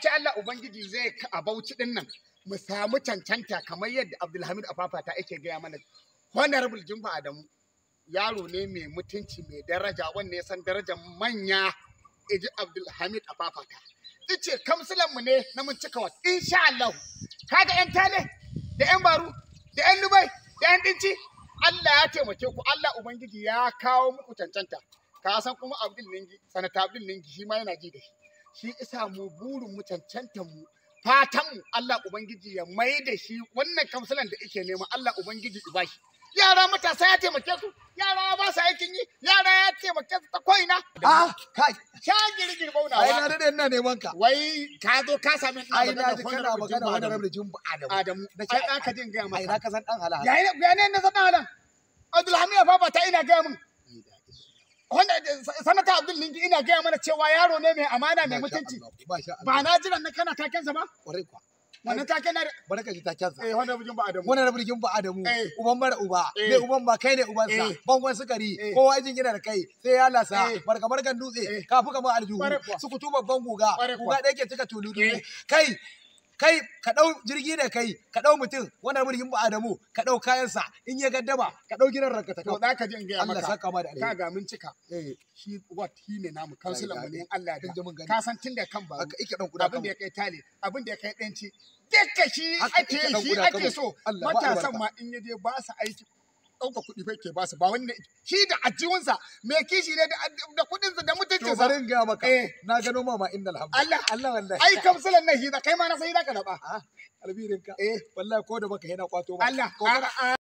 ce Allah Ubangiji zai a bauchi din nan mu samu cancanta kamar yadda Abdulhamid Afafata yake gaya mana honorable Jumba Adamu yaro ne mai mutunci mai daraja wanda ya san darajar manya iji Abdulhamid Afafata ice kamsulan mu ne na mun cika wat insha Allah kaga yan tale da yan baru da yan lubai da yan dinci Allah ya taimake ku Allah ubangiji ya kawo muku cancanta ka san kuma Abdul Ningi sanata Abdul Ningi shi ma yana ji da shi shi isa mu burin mu cancanta mu fatan mu Allah ubangiji ya mai da shi wannan kamsalan da yake nema Allah ubangiji ya bashi yara matasa ya taimake su yara ba sa aikin yi yara ya taimake su ta koina a kai sha girgir bauna ai na dade ina neman ka wai ka zo ka sami ni ai na ji kana magana wani rabu jumbu adam adamu da kai ka jin ga maka ai na ka san dan halala yayi ne ne san dan halala Abdulhamid ya fa ba ta ina ga mun Eh, sanata abdul lingi ina gaya mana cewa yaro ne mai amana mai mutunci ba na jira na kana takensa ba kwarai kwa wannan taken na baraka ji takensa eh wannan bujin ba adamu wannan bujin ba adamu eh. uban mara uba ne eh. uban ba kai ne uban sa bangon sukari kowa ajin yana da kai sai ya lasa barka barkan dutse kafuka kamar aljuhu su kutuba babban guga guga da yake cika tuludu kai kai ka ɗau jirgi da kai ka ɗau mutum wanda mulkin ba Adamu ka ɗau kayansa in ya gaddama ka ɗau gidan ranka ta kawo. To ka je in gaya maka. Allah saka ma da alheri. Ka ga mun cika. Eh. Shi what he ne namu kansulan mu ne Allah da. Ka san tun da kan ba. Ike ɗan kuda Abin da ya kai tale abin da ya kai ɗanci. Dukka shi ake shi ake so. Matasan ma in ya je ba su aiki ɗauka kuɗi fa ke ba su ba wani ne shi da ajiyunsa me kishi ne da ka zarin ga maka eh. na gano mama inna alhamdu Allah Allah wallahi ai kamsalan shi da kai ma na sai da ka naba ah, albirin ka eh. wallahi ko da baka yana kwato ba Allah